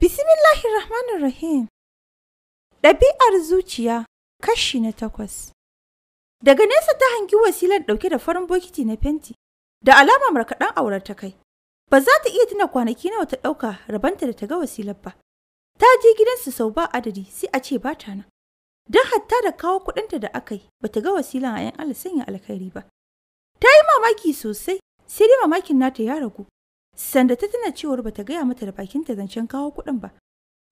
Bismillahirrahmanirrahim. Ɗabi'ar zuciya kashi na takwas. Daga nesa ta hangi wasilar ɗauke da farin bokiti na fenti, da alama markaɗan aurar ta kai. Ba za ta iya tuna kwanaki nawa ta ɗauka rabanta da ta ga wasilar ba. Ta je gidansu sau ba adadi sai a ce ba ta nan. Don hatta da kawo kuɗinta da aka yi, ba ta ga wasilar a ‘yan Allah sanya alkhairi ba. Ta yi mamaki sosai, sai dai mamakin nata ya ragu, Sanda ta tana cewar bata gaya mata da bakinta zancen kawo kuɗin ba.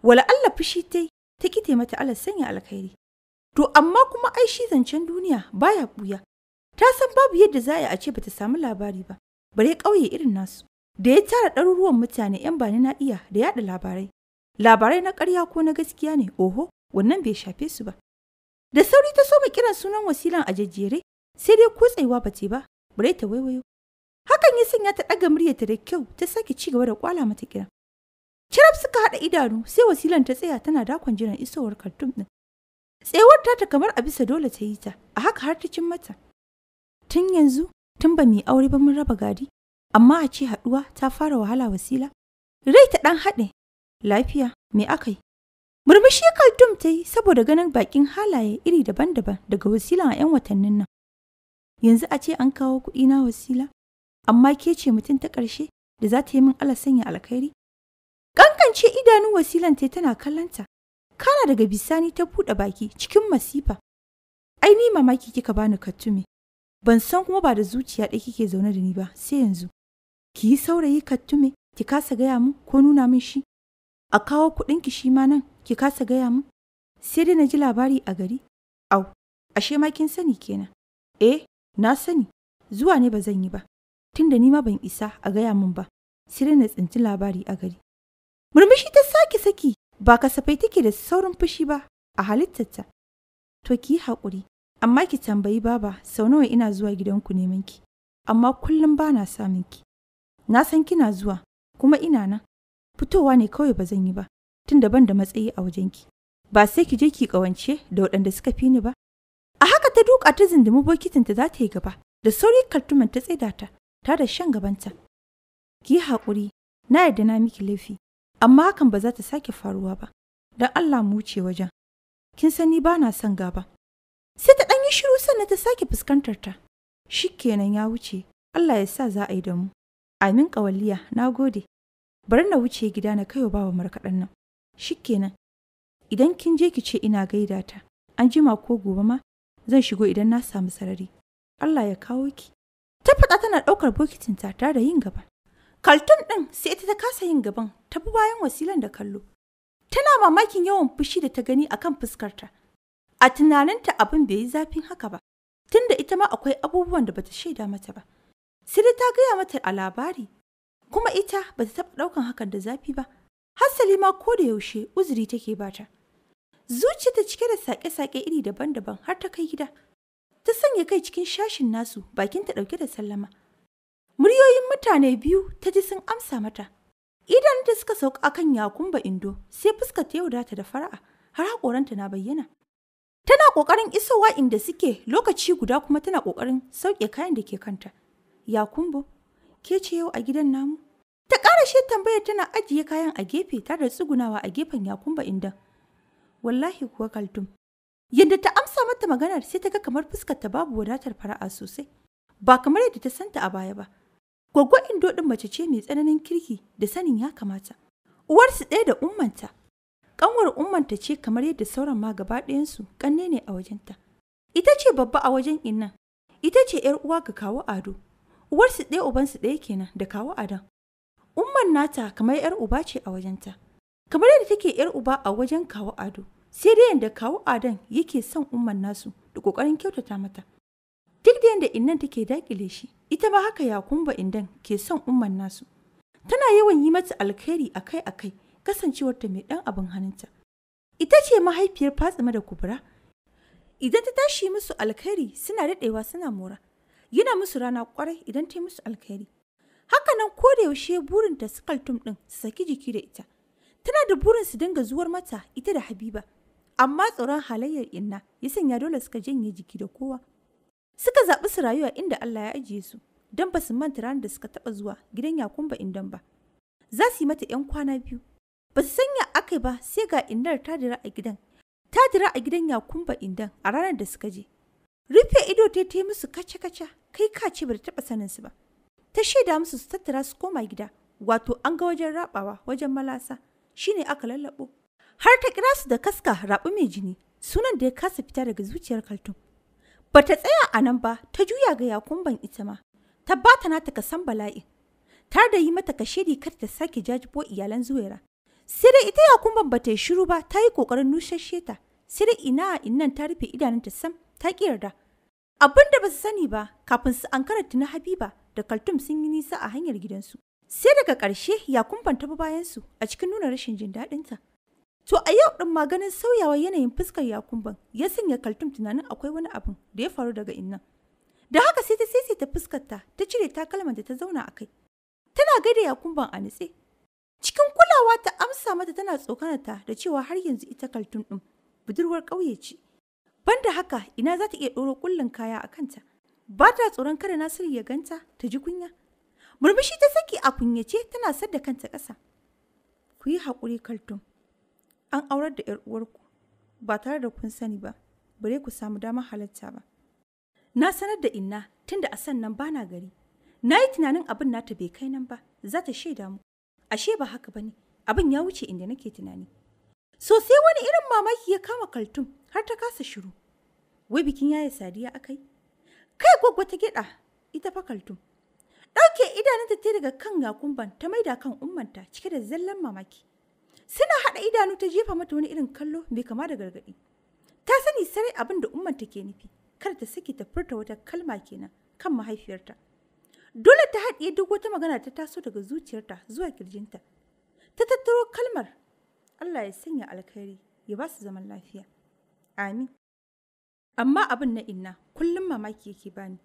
Wala Allah fushi ta yi, ta kite mata Allah sanya alkhairi. To amma kuma ai shi zancen duniya baya buya. Ta san babu yadda za a a ce bata samu labari ba, bare ƙauye irin nasu. Da ya tara ɗaruruwan mutane 'yan bani na iya da yaɗa labarai. Labarai na ƙarya ko na gaskiya ne, oho, wannan bai shafe su ba. Da sauri ta soma kiran sunan wasilan a jejjere, sai dai kutsewa ba ce ba, bare ta waiwayo. Hakan ya sanya ta ɗaga muryarta da kyau ta sake ci gaba da kwala mata kira. Kirab suka haɗa idanu sai wasilan ta tsaya tana dakon jiran isowar kartum ɗin. Tsewar ta kamar a bisa dole ta yi ta, a haka har ta cin mata. Tun yanzu, tun ba mai aure ba mun raba gadi, amma a ce haɗuwa ta fara wahala wasila. Rai ta ɗan haɗe, lafiya, me aka yi? Murmushi Kaltum ta yi saboda ganin bakin halaye iri daban-daban daga wasila a 'yan watannin nan. Yanzu a ce an kawo kuɗi na wasila? amma ke ce mutum ta ƙarshe da za ta yi min Allah sanya alkhairi? Ƙanƙance idanun wasilan ta tana kallanta, kana daga bisani ta buɗe baki cikin masifa. Ai ni mamaki kika bani kattume, ban san kuma ba da zuciya ɗaya kike zaune da ni ba sai yanzu. Ki yi saurayi kattume, ki kasa gaya min ko nuna min shi. A kawo kuɗinki shi ma nan, ki kasa gaya min. Sai dai na ji labari a gari. Au, ashe ma kin sani kenan. Eh, na sani, zuwa ne ba zan yi ba. tunda ni ma ban isa a gaya min ba sai na tsinci labari a gari murmushi ta sake saki ba kasafai take da saurin fushi ba a halittarta to ki yi haƙuri amma ki tambayi baba sau nawa ina zuwa gidanku neman ki amma kullum ba na samun ki na san kina zuwa kuma ina nan fitowa ne kawai ba zan yi ba tun ban da matsayi a wajen ki. ba sai ki je ki kawance da waɗanda suka fi ni ba a haka ta duka ta zindimi bokitinta za ta yi gaba da sauri kaltuman ta tsaida ta ta da shan gabanta. Ki yi haƙuri, na yarda na miki laifi, amma hakan ba za ta sake faruwa ba, don Allah mu wuce wajen. Kin sani ba na son gaba. Sai ta ɗan yi shiru sannan ta sake fuskantar ta. Shi kenan ya wuce, Allah ya sa za a yi da mu. Amin ƙawalliya, na gode. Bari na wuce gida na kaiwa bawa markaɗan nan. Shi kenan, idan kin je ki ce ina gaida ta, an jima ko gobe ma zan shigo idan na samu sarari. Allah ya kawo ki. Ta faɗa tana ɗaukar ta tare da yin gaba. Kaltun ɗin sai ita ta kasa yin gaban ta bi bayan wasilan da kallo. Tana mamakin yawan fushi da ta gani a kan fuskarta. A tunaninta abin bai yi zafin haka ba, tunda ita ma akwai abubuwan da bata shaida mata ba. Sai ta gaya mata a labari, kuma ita bata taɓa ɗaukan hakan da zafi ba. Hassali ma ko da yaushe uzuri take bata. ta cike da sake-sake iri daban-daban har ta kai gida. ta sanya kai cikin shashin nasu bakin ta ɗauke da sallama. Muryoyin mutane biyu ta ji sun amsa mata. Idan da suka sauka akan yakumba indo sai fuskar ta yaudata da fara'a har haƙoranta na bayyana. Tana ƙoƙarin isowa inda suke lokaci guda kuma tana ƙoƙarin sauke kayan da ke kanta. Yakumbo, ke ce yau a gidan namu? Ta ƙara shi tambayar tana ajiye kayan a gefe tare da tsugunawa a gefen Yakumba indan. Wallahi kuwa Kaltum, yadda ta sa mata maganar sai ta ga kamar fuskar ta babu wadatar fara'a sosai. Ba kamar yadda ta santa a baya ba. gwaggwa Indo din mace ce mai tsananin kirki da sanin ya kamata. Uwarsu ɗaya da ummanta. kanwar ummanta ce kamar yadda sauran ma gaba ɗayansu ƙanne ne a wajenta. Ita ce babba a wajen innan. Ita ce ‘yar uwa ga kawo Ado. Uwarsu ɗaya ubansu ɗaya kenan da kawo adon. Umman nata kamar ‘yar uba ce a wajenta. Kamar yadda take ‘yar uba a wajen kawo Ado. sai dai yadda kawo adan yake son umman nasu da kokarin kyautata mata duk da yadda innan take dakile shi ita ma haka yakumba indan ke son umman nasu tana yawan yi mata alkhairi akai-akai kasancewarta mai dan abin hannunta ita ce mahaifiyar fatsima da kubura idan ta tashi musu alkhairi suna daɗewa suna mora yana musu rana kwarai idan ta yi musu alkhairi nan ko da yaushe burinta ta kaltum ɗin su saki jiki da ita tana da burin su dinga zuwar mata ita da habiba amma tsoron halayyar inna ya sanya dole suka janye jiki da kowa suka zaɓi su rayuwa inda Allah ya ajiye su don ba su manta ranar da suka taɓa zuwa gidan yakun ba indan ba za su yi mata 'yan kwana biyu ba su sanya aka ba sai ga innar ta dira a gidan ta dira a gidan yakun ba indan a ranar da suka je rufe ido ta ta musu kaca-kaca kai ka ce ba taɓa sanin su ba ta shaida musu su tattara su koma gida wato an ga wajen rabawa wajen malasa shine aka lallabo har ta kira su da kaska rabu mai jini sunan da ya kasa fita daga zuciyar kaltum ba ta tsaya a nan ba ta juya ga yakumban ita ma ta bata nata ka san bala'i tar da yi mata kashedi kar ta sake jajibo iyalan zuwera sai dai ita yakumban ba ta yi shiru ba ta yi kokarin nushashe ta sai dai ina a innan ta rufe idanunta sam ta ki yarda abin da ba su sani ba kafin su ankara na habiba da kaltum sun yi nisa a hanyar gidansu sai daga ƙarshe yakumban ta bi su a cikin nuna rashin jin daɗinta To a yau ɗin maganin sauyawa yanayin fuskar yakumban ya sanya kaltum tunanin akwai wani abin da ya faru daga innan. Da haka sai ta sisi ta fuskarta ta cire takalman da ta zauna a kai. Tana gaida yakumban a nitse. Cikin kulawa ta amsa mata tana tsokanata da cewa har yanzu ita kaltum ɗin budurwar ƙauye ce. Banda haka ina za ta iya ɗoro ƙullin kaya a kanta. Ba ta tsoron kada Nasiru ya ganta ta ji kunya. Murmushi ta saki a kunyace tana sadda kanta ƙasa. Ku yi haƙuri kaltum. an aurar da 'yar uwarku ba tare da kun sani ba bare ku samu damar halarta ba na sanar da inna tunda a san nan bana gari na yi tunanin abin nata bai kai nan ba za ta shaida mu ashe ba haka ba ne, abin ya wuce inda nake tunani Sosai wani irin mamaki ya kama kaltun har ta kasa shiru wai bikin yaya sadiya akai kai gwaggwa ta gida ita fa kaltum ɗauke idanunta ta daga kan gakumban ta maida kan ummanta cike da zallan mamaki suna haɗa idanu ta jefa mata wani irin kallo bai kama da gargaɗi ta sani sarai abin da umman take nufi kar ta sake ta furta wata kalma kenan kan mahaifiyarta dole ta haɗiye duk wata magana ta taso daga zuciyarta zuwa kirjinta ta tattaro kalmar Allah ya sanya alkhairi ya ba su zaman lafiya amin amma abin na inna kullum mamaki yake bani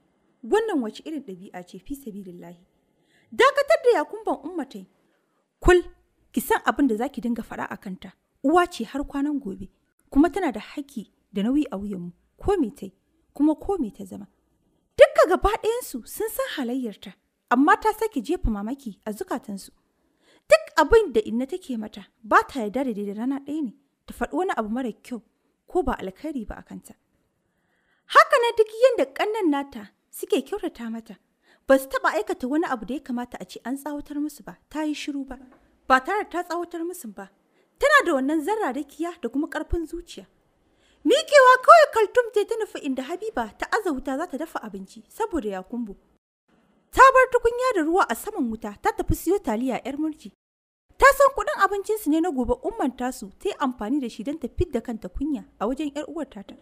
wannan wace irin ɗabi'a ce fi sabilillahi dakatar da yakumban ummatai kul ki san abin da za ki dinga faɗa a kanta uwa ce har kwanan gobe kuma tana da haƙƙi da nauyi a wuyanmu ko me ta kuma ko me ta zama dukka gaba ɗayansu sun san halayyarta amma ta sake jefa mamaki a zukatansu duk abin da inna take mata ba ta yarda da da rana ɗaya ne ta faɗi wani abu mara kyau ko ba alkhairi ba a kanta haka na duk yadda ƙannan nata suke kyautata mata ba su taɓa aikata wani abu da ya kamata a ce an tsawatar musu ba ta yi shiru ba ba tare ta tsawatar musu ba tana da wannan zarra kiya, da kuma karfin zuciya mikewa kawai kaltum ta ta nufi inda habiba ta aza wuta za ta dafa abinci saboda ya kumbu ta bar tukunya da ruwa a saman wuta ta tafi siyo taliya yar murji ta san kuɗin abincinsu ne na gobe umman tasu ta yi amfani da shi don ta fidda kanta kunya a wajen yar uwar tata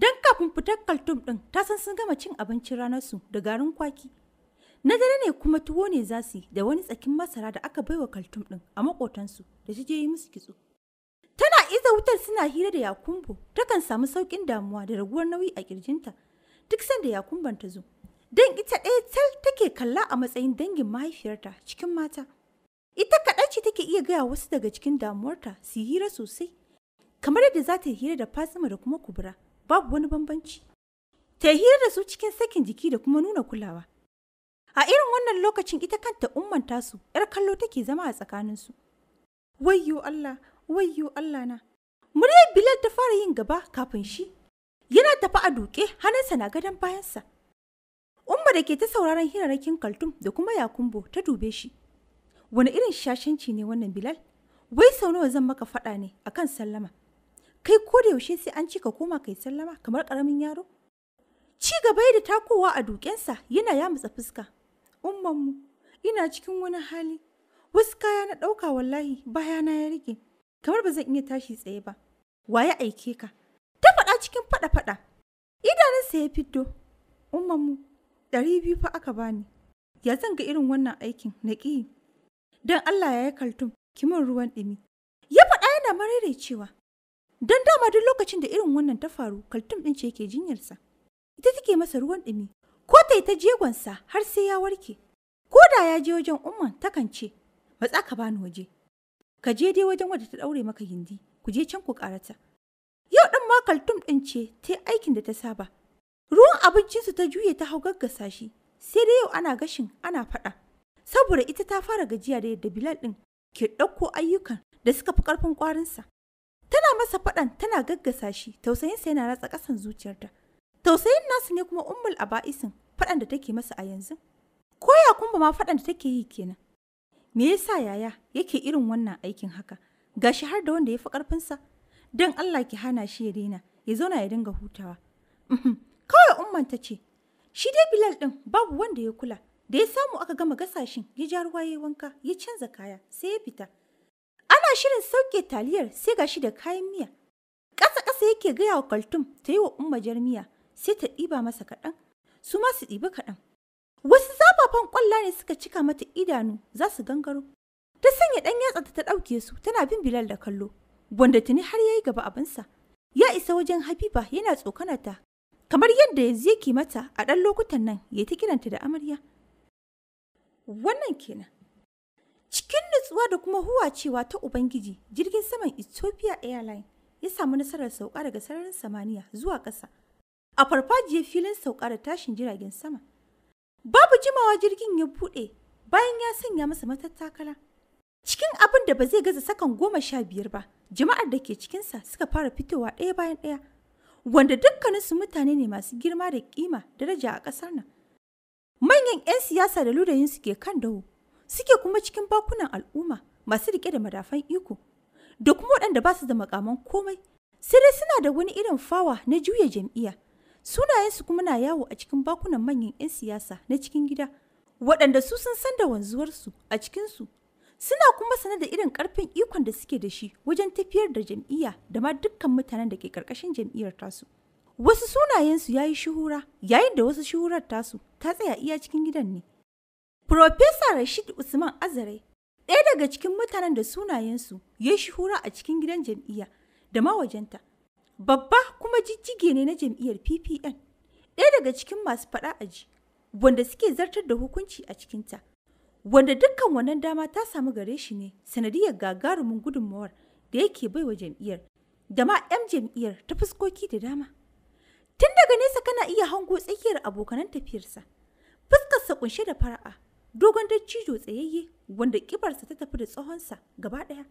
don kafin fitar kaltum ɗin ta san sun gama cin abincin ranarsu da garin kwaki Na dare ne kuma tuwo ne za su yi da wani tsakin masara da aka baiwa kaltum ɗin a makotansu da je yi musu kitso. Tana iza wutar suna hira da Yakumbo, takan samu saukin damuwa da raguwar nauyi a kirjinta duk sanda Yakumban ta zo. dan ita ɗaya tal take kalla a matsayin dangin mahaifiyarta cikin mata. Ita kaɗai ce take iya gaya wasu daga cikin damuwarta su hira sosai. Kamar yadda za ta hira da fasima da kuma Kubura, babu wani bambanci. Ta hira da su cikin sakin jiki da kuma nuna kulawa. A irin wannan lokacin ita kanta umman tasu, ‘yar kallo take zama a tsakaninsu. Wayyo Allah, wayyo Allah na. Muryar Bilal ta fara yin gaba kafin shi. Yana tafi a duke, hannunsa na gadon bayansa. Umma da ke ta sauraron hirarrakin kaltum da kuma yakumbo ta dube shi. Wani irin shashanci ne wannan Bilal? Wai sau nawa zan maka faɗa ne akan sallama. Kai ko da yaushe sai an cika koma kai sallama kamar ƙaramin yaro? Ci gaba da takowa a dukensa yana yamutsa fuska ummanmu ina cikin wani hali wasu kaya na ɗauka wallahi bayana ya rike kamar ba zan iya tashi tsaye ba Wa ya aike ka ta faɗa cikin faɗa-faɗa idanunsa ya fito. ummanmu ɗari biyu fa aka bani ya zan ga irin wannan aikin na ƙi don Allah ya yi kaltum kimin ruwan ɗumi ya faɗa yana cewa don dama duk lokacin da irin wannan ta faru kaltum ɗin ce ke jinyarsa ita take masa ruwan ɗumi ko ta yi ta jegonsa har sai ya warke. Ko da ya je wajen umman takan ce, matsa ka bani waje. Ka je dai wajen wadda ta ɗaure maka gindi, ku je can ku ƙarata. Yau ɗan ma kaltum ɗin ce ta yi aikin da ta saba. Ruwan abincinsu ta juye ta hau gaggasa shi, sai dai yau ana gashin ana faɗa. Saboda ita ta fara gajiya da yadda Bilal ɗin ke ɗauko ayyukan da suka fi ƙarfin ƙwarinsa. Tana masa faɗan tana gaggasa shi, tausayinsa yana ratsa ƙasan zuciyarta. Tausayin nasu ne kuma ummul aba'isin faɗan da take masa a yanzu. Koya ya kumba ma faɗan da take yi kenan. Me yasa yaya yake irin wannan aikin haka? Gashi har da wanda ya fi ƙarfinsa. Don Allah ki hana shi ya daina, ya zauna ya dinga hutawa. Uhm, kawai umman ta ce, shi dai Bilal ɗin babu wanda ya kula. Da ya samu aka gama gasashin, ya ja ruwa ya wanka, ya canza kaya, sai ya fita. Ana shirin sauke taliyar sai gashi da kayan miya. Ƙasa-ƙasa yake gaya wa Kaltum ta yi wa Umma jar miya, sai ta ɗiba masa kaɗan su ma su ɗibi kaɗan wasu zafafan ƙwalla ne suka cika mata idanu za su gangaro ta sanya ɗan yatsa ta ɗauke su tana bin bilal da kallo wanda tuni har ya yi gaba abinsa ya isa wajen habiba yana tsokana ta kamar yadda yanzu yake mata a ɗan lokutan nan ya ta kiranta da amarya wannan kenan cikin nutsuwa da kuma huwacewa ta ubangiji jirgin saman ethiopia airline ya samu nasarar sauka daga sararin samaniya zuwa ƙasa a farfajiyar filin sauka da tashin jiragen sama. Babu jimawa jirgin ya buɗe bayan ya sanya masa matattakala. Cikin abin da ba zai gaza sakan goma sha biyar ba, jama'ar da ke cikinsa suka fara fitowa ɗaya bayan ɗaya, wanda dukkaninsu mutane ne masu girma da ƙima daraja a ƙasar nan. Manyan 'yan siyasa da ludayinsu ke kan dawo, suke kuma cikin bakunan al'umma masu riƙe da madafan iko, da kuma waɗanda ba su da makaman komai, sai dai suna da wani irin fawa na juya jam'iyya. Sunayensu kuma na yawo a cikin bakunan manyan 'yan siyasa na cikin gida, waɗanda su sun san da wanzuwarsu a cikinsu. Suna kuma sane da irin ƙarfin ikon da suke da shi wajen tafiyar da jam'iyya da ma dukkan mutanen da ke ƙarƙashin jam'iyyar tasu. Wasu sunayensu ya yi shuhura, yayin da wasu shuhurar tasu ta tsaya iya cikin gidan ne. Profesa Rashid Usman Azare, ɗaya daga cikin mutanen da sunayensu ya yi shuhura a cikin gidan jam'iyya da ma wajenta. babba kuma jijjige ne na jam'iyyar ppn ɗaya daga cikin masu faɗa aji wanda suke zartar da hukunci a cikinta wanda dukkan wannan dama ta samu gare shi ne sanadiyar gagarumin gudunmawar da yake baiwa jam'iyyar da ma 'yan jam'iyyar ta fuskoki da dama tun daga nesa kana iya hango tsakiyar abokanan tafiyarsa fuskarsa kunshe da fara'a dogon dattijo tsayayye wanda kibarsa ta tafi da tsohonsa gaba ɗaya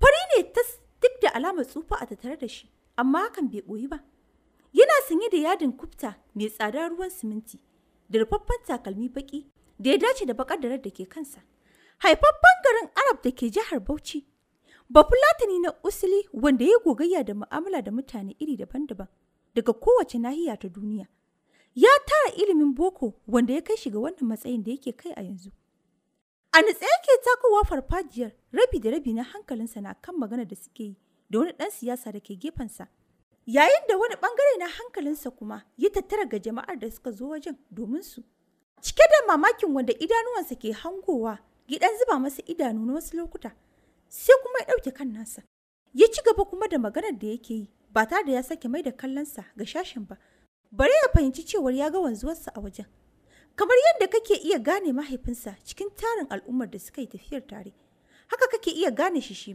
fari ne ta duk da alamar tsufa a tattare da shi amma hakan bai ɓoyi ba. Yana sanye da yadin kufta mai tsada ruwan siminti da rufaffen takalmi baƙi da ya dace da baƙar da ke kansa. Haifaffen garin Arab da ke jihar Bauchi, Bafulatani na Usili wanda ya gogayya da mu'amala da mutane iri daban-daban daga kowace nahiya ta duniya. Ya tara ilimin boko wanda ya kai shiga ga wannan matsayin da yake kai a yanzu. A nutse ke takowa farfajiyar rabi da rabi na hankalinsa na kan magana da suke yi da wani ɗan siyasa da ke gefensa. Yayin da wani ɓangare na hankalinsa kuma ya tattara ga jama'ar da suka zo wajen domin su. Cike da mamakin wanda idanuwansa ke hangowa, gidan zuba masa idanu na wasu lokuta, sai kuma ya ɗauke kan nasa. Ya ci gaba kuma da maganar da yake yi, ba tare da ya sake mai da kallonsa ga shashin ba. Bari ya fahimci cewar ya ga wanzuwarsa a wajen. Kamar yadda kake iya gane mahaifinsa cikin tarin al'ummar da suka yi tafiyar tare, haka kake iya gane shi shi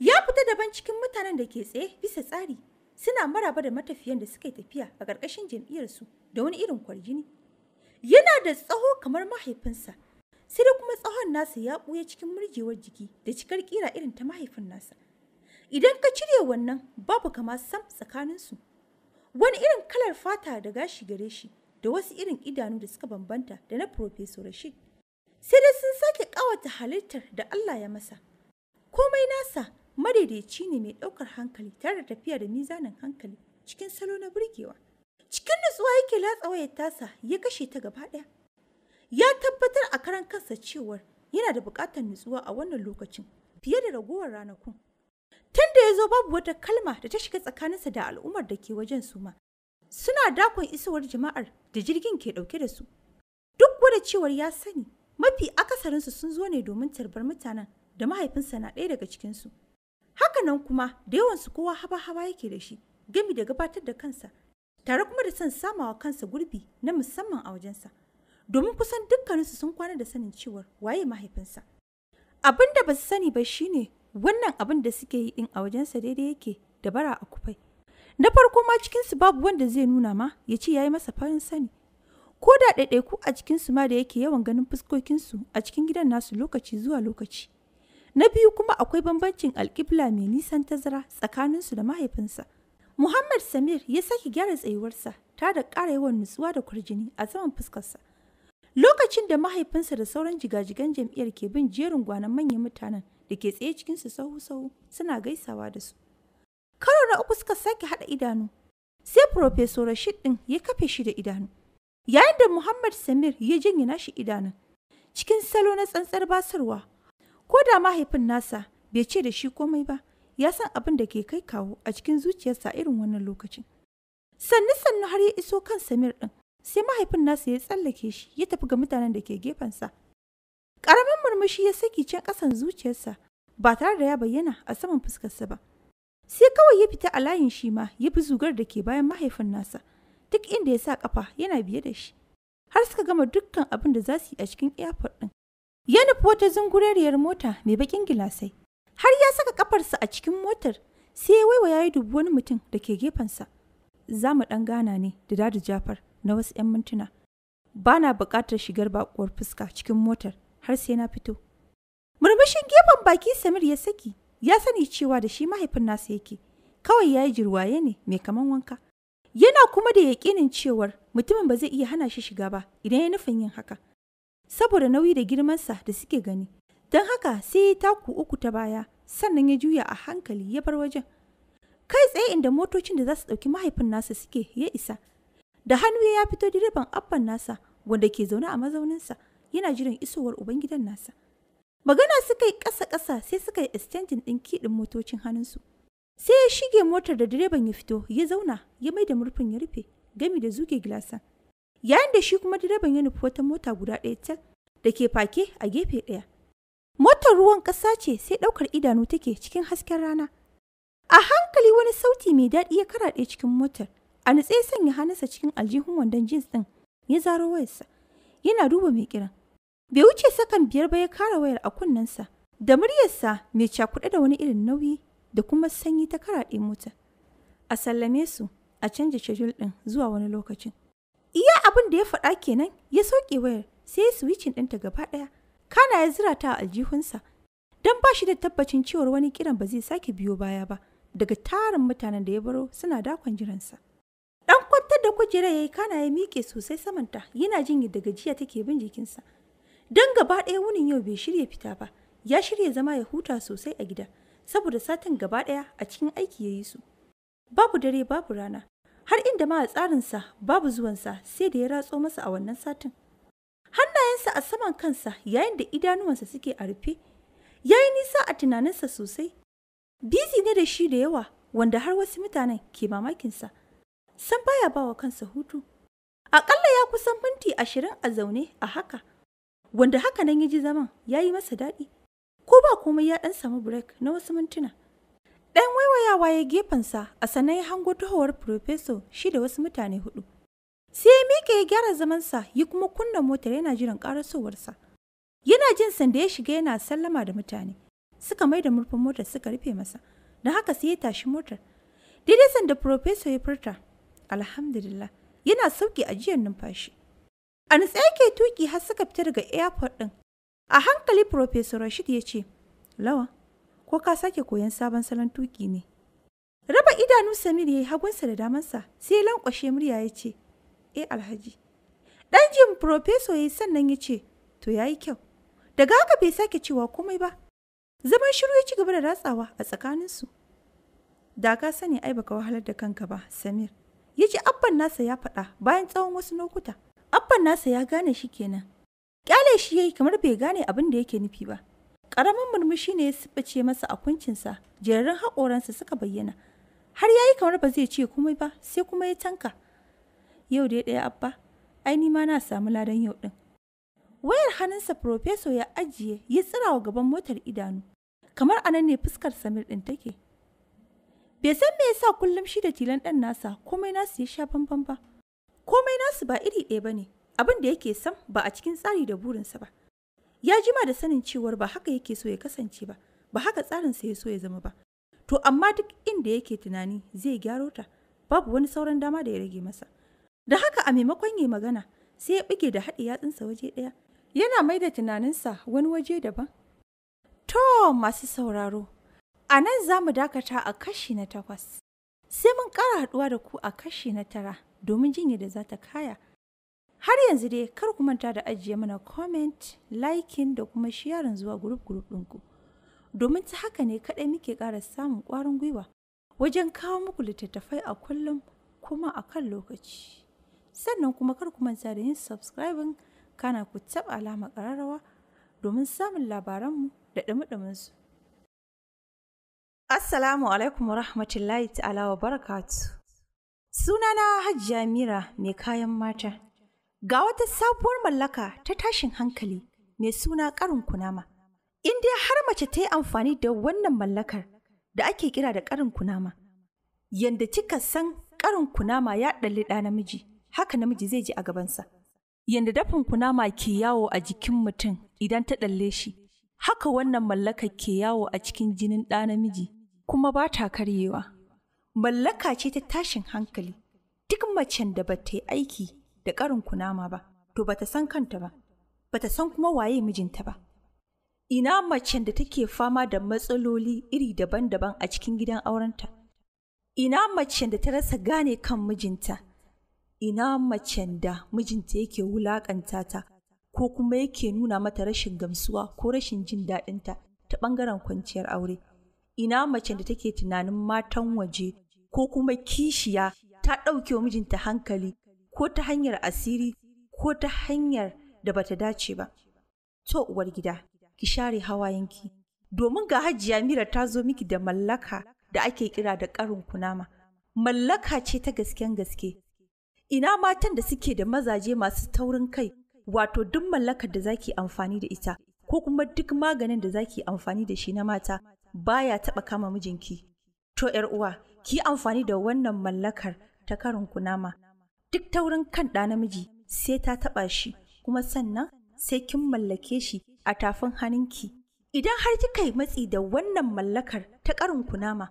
ya fita daban cikin mutanen da ke tsaye bisa tsari suna maraba da matafiyan da suka yi tafiya a ƙarƙashin jam'iyyarsu da wani irin kwarjini yana da tsaho kamar mahaifinsa sai da kuma tsahon nasa ya ɓuya cikin murjewar jiki da cikar ƙira irin ta mahaifin nasa idan ka cire wannan babu kama sam tsakaninsu wani irin kalar fata da gashi gare shi da wasu irin idanu da suka bambanta da na Profesor Rashid. Sai dai sun sake ƙawata halittar da Allah ya masa. Komai nasa madaidaici ne mai ɗaukar hankali tare da tafiya da mizanin hankali cikin salo na burgewa. Cikin nutsuwa yake latsa wayar tasa ya kashe ta gaba ɗaya. Ya tabbatar a karan kansa cewar yana da buƙatar nutsuwa a wannan lokacin fiye da ragowar ranakun. Tun da ya zo babu wata kalma da ta shiga tsakaninsa da al'ummar da ke wajen suma, Suna dakon isowar jama'ar da jirgin ke ɗauke da su. Duk gwada cewar ya sani mafi akasarinsu sun zo ne domin tarbar mutanen da mahaifinsa na ɗaya daga cikinsu. Haka nan kuma da yawansu kowa haba-haba yake da shi gami da gabatar da kansa tare kuma da son samawa kansa gurbi na musamman a wajensa domin kusan dukkaninsu sun kwana da sanin cewar waye mahaifinsa abin da ba su sani ba shine wannan abin da suke yi din a wajensa daidai yake da bara a kufai na farko ma cikinsu babu wanda zai nuna ma ya ce ya yi masa farin sani ko da ɗaiɗaiku a cikinsu ma da yake yawan ganin fuskokinsu a cikin gidan nasu lokaci zuwa lokaci Na biyu kuma akwai bambancin alkibla mai nisan tazara tsakaninsu da mahaifinsa. Muhammad Samir ya sake gyara tsayuwarsa ta da ƙara yawan nutsuwa da kwarjini a saman fuskarsa. Lokacin da mahaifinsa da sauran jigajigan jam'iyyar ke bin jerin gwanon manyan mutanen da ke tsaye cikinsu sahu-sahu suna gaisawa da su. Karo na uku suka sake haɗa idanu, sai Profesor Rashid ɗin ya kafe shi da idanu. Yayin da Muhammad Samir ya janye nashi idanun, cikin salo na tsantsar basarwa ko da mahaifin nasa bai ce da shi komai ba ya san abin da ke kai kawo a cikin zuciyarsa irin wannan lokacin sannu sannu har ya iso kan samir din sai mahaifin nasa ya tsallake shi ya tafi ga mutanen da ke gefensa karamin murmushi ya saki can ƙasan zuciyarsa ba tare da ya bayyana a saman fuskarsa ba sai kawai ya fita a layin shi ma ya bi zugar da ke bayan mahaifin nasa duk inda ya sa kafa yana biye da shi har suka gama dukkan abin da za su yi a cikin airport din Ya nufi wata zungureriyar mota mai bakin gilasai. Har ya saka kafarsa a cikin motar sai ya waiwa ya yi dubu wani mutum da ke gefensa. Za mu ɗan gana ne da Dadu Jafar na wasu 'yan mintuna. Ba na buƙatar shigar bakuwar fuska cikin motar har sai na fito. Murmushin gefen baki Samir ya saki ya sani cewa da shi mahaifin nasa yake. Kawai ya yi jirwaye ne mai kaman wanka. Yana kuma da yaƙinin cewar mutumin ba zai iya hana shi shiga ba idan ya nufin yin haka. saboda nauyi da girmansa da suke gani. Don haka sai ya taku uku ta baya, sannan ya juya a hankali ya bar wajen. Kai tsaye inda motocin da za su ɗauki mahaifin nasa suke ya isa. Da hannu ya fito direban abban nasa wanda ke zaune a mazauninsa yana jiran isowar ubangidan nasa. Magana suka yi ƙasa-ƙasa sai suka yi extension ɗin kiɗin motocin hannunsu. Sai ya shige motar da direban ya fito ya zauna ya mai da murfin ya rufe gami da zuge gilasan. yayin da shi kuma direban ya nufi wata mota guda ɗaya ta da ke fake a gefe ɗaya. Motar ruwan ƙasa ce sai ɗaukar idanu take cikin hasken rana. A hankali wani sauti mai daɗi ya karaɗe cikin motar, a nutse sanya hannunsa cikin aljihun wandon jeans ɗin ya zaro wayarsa. Yana duba mai kiran. Bai wuce sakan biyar ba ya kara wayar a kunnensa, da muryarsa mai cakuɗe da wani irin nauyi da kuma sanyi ta karaɗe motar. A sallame su, a canja shajul ɗin zuwa wani lokacin. Iya abin da ya faɗa kenan ya sauke wayar sai ya switchin ɗinta gaba ɗaya. Kana ya zira ta a aljihunsa. Don ba shi da tabbacin cewar wani kiran ba zai sake biyo baya ba daga tarin mutanen da ya baro suna dakon jiransa. Ɗan kwantar da kujera ya yi kana ya miƙe sosai samanta yana jin yadda gajiya take bin jikinsa. Don gaba ɗaya wunin yau bai shirya fita ba, ya shirya zama ya huta sosai a gida saboda satin gaba ɗaya a cikin aiki ya yi su. Babu dare babu rana, har inda ma a tsarinsa babu zuwansa sai da ya ratso masa a wannan satin. Hannayensa a saman kansa yayin da idanuwansa suke a rufe, ya yi nisa a tunaninsa sosai. Bizi ne da shi da yawa wanda har wasu mutanen ke mamakinsa, san baya ba wa kansa hutu. Aƙalla ya kusan minti ashirin a zaune a haka, wanda haka nan ya ji zaman ya yi masa daɗi, ko ba komai ya ɗan samu break na wasu mintuna. Ɗan waiwayawa ya sa a sanai hango tuhowar Profeso shi da wasu mutane hudu. Sai ya ya gyara zamansa yi kuma kunna motar yana jiran ƙarasowarsa. Yana jin sanda ya shiga yana sallama da mutane. Suka mai da murfin motar suka rufe masa. Da haka sai ya tashi motar. Daidai sanda Profeso ya furta. Alhamdulillah. Yana sauki ajiyar numfashi. A nutsa yake tuki har suka fita daga airport ɗin. A hankali Profesor Rashid ya ce, Lawa, ko ka sake koyon sabon salon tuki ne. Raba idanu Samir ya yi hagunsa da damansa sai lankwashe murya ya ce, E alhaji. Ɗan jin profeso ya yi sannan ya ce, To ya yi kyau. Daga haka bai sake cewa komai ba. Zaman shiru ya ci gaba da ratsawa a tsakaninsu. Da ka sani ai baka wahalar da kanka ba, Samir. Ya ji abban nasa ya faɗa bayan tsawon wasu lokuta. Abban nasa ya gane shi kenan. Kyale shi ya kamar bai gane abin da yake nufi ba. karamin murmushi ne ya sibbace masa a kuncinsa, jerarrun haƙoransa suka bayyana. Har ya yi kamar ba zai ce komai ba, sai kuma ya tanka. Yau dai ɗaya abba, ai ni ma na samu ladan yau ɗin. Wayar hannunsa Profeso ya ajiye ya tsira wa gaban motar idanu, kamar a ne fuskar Samir ɗin take. Bai san me yasa kullum shi da tilan ɗan nasa komai nasu ya sha bambam ba. Komai nasu ba iri ɗaya ba ne, abin da yake sam ba a cikin tsari da burinsa ba. ya jima da sanin cewar ba haka yake so ya kasance ba ba haka tsarin tsarinsa ya so ya zama ba to amma duk inda yake tunani zai gyaro ta babu wani sauran dama da ya rage masa da haka a maimakon yi magana sai ya bige da haɗe yatsunsa waje ɗaya yana mai da tunaninsa wani waje daban to masu sauraro a nan za mu dakata a kashi na takwas sai mun ƙara haɗuwa da ku a kashi na tara domin jinya da za ta kaya Har yanzu dai kar ku manta da ajiye mana comment, liking da kuma sharing zuwa group group ɗinku. Domin ta haka ne kaɗai muke ƙara samun ƙwarin gwiwa wajen kawo muku littattafai a kullum kuma a kan lokaci. Sannan kuma kar ku manta da yin subscribing kana ku taɓa alama ƙararrawa domin samun labaranmu da ɗumi-ɗuminsu. Assalamu alaikum rahmatullahi ta'ala wa barakatu. Sunana Hajiya Mira mai kayan mata. Ga wata sabuwar mallaka ta tashin hankali mai suna karin kunama. In dai har mace ta yi amfani da wannan mallakar da ake kira da karin kunama. Yanda kika san karin kunama ya ɗalli ɗa namiji, haka namiji zai ji a gabansa. Yanda dafin kunama ke yawo a jikin mutum idan ta ɗalle shi, haka wannan mallakar ke yawo a cikin jinin ɗa namiji kuma ba ta karyewa. Mallaka ce ta tashin hankali. Duk macen da ba ta yi aiki da ƙarin kunama ba, to ba ta san kanta ba, Ba ta san kuma waye mijinta ba. Ina macen da take fama da matsaloli iri daban-daban a cikin gidan aurenta? Ina macen da ta rasa gane kan mijinta? Ina macen da mijinta yake wulaƙanta ta ko kuma yake nuna mata rashin gamsuwa ko rashin jin daɗinta ta ɓangaren kwanciyar aure? Ina macen da take tunanin matan waje ko kuma kishiya ta ɗauke wa mijinta hankali ko ta hanyar asiri ko ta hanyar da bata dace ba. To uwar gida, ki share hawayenki, domin ga hajiya mira ta zo miki da mallaka da ake kira da karin kunama. Mallaka ce ta gasken gaske. Ina matan da suke da mazaje masu taurin kai, wato duk mallakar da zaki amfani da ita, ko kuma duk maganin da zaki amfani da shi na mata baya taɓa kama mijinki. To ‘yar uwa, ki amfani da wannan mallakar ta karin kunama duk taurin kan ɗa namiji sai ta taɓa shi kuma sannan sai kin mallake shi a tafin hannunki idan har kika yi matsi da wannan mallakar ta ƙarin kunama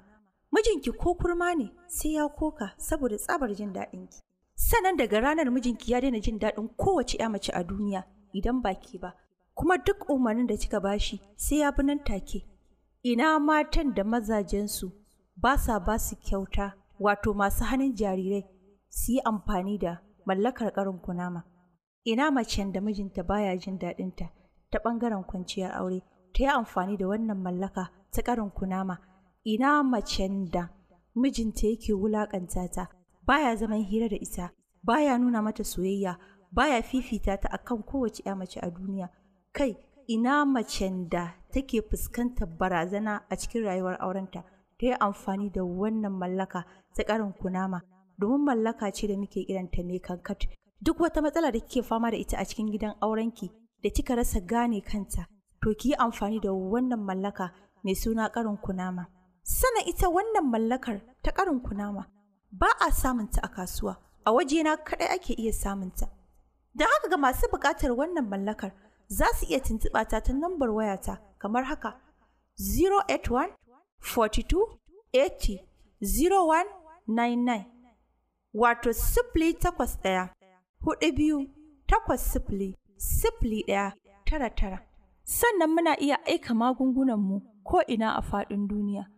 mijinki ko kurma ne sai ya koka saboda tsabar jin daɗinki sannan daga ranar mijinki ya daina jin daɗin kowace ya mace a duniya idan ba ke ba kuma duk umarnin da kika bashi sai ya bi nan take ina matan da mazajensu ba sa ba su kyauta wato masu hannun jarirai su yi amfani da mallakar karin kunama. Ina macen da mijinta baya jin daɗinta ta ɓangaren kwanciyar aure ta yi amfani da wannan mallaka ta karin kunama. Ina macen da mijinta yake wulaƙanta ta baya zaman hira da ita baya nuna mata soyayya baya fifita ta akan kowace ya mace a duniya kai ina macen da take fuskantar barazana a cikin rayuwar aurenta ta yi amfani da wannan mallaka ta karin kunama domin mallaka ce da muke kiranta ne kankat. Duk wata matsala da kike fama da ita a cikin gidan aurenki da kika rasa gane kanta, to ki yi amfani da wannan mallaka mai suna karin kunama. Sana ita wannan mallakar ta karin kunama ba a samunta a kasuwa, a waje na kaɗai ake iya samun ta Da haka ga masu bukatar wannan mallakar za su iya tuntuɓa ta ta nambar wayata kamar haka 081 42 80 01 99. wato sifili takwas ɗaya hudu biyu takwas sifili sifili ɗaya tara tara sannan muna iya aika magungunanmu ko ina a faɗin duniya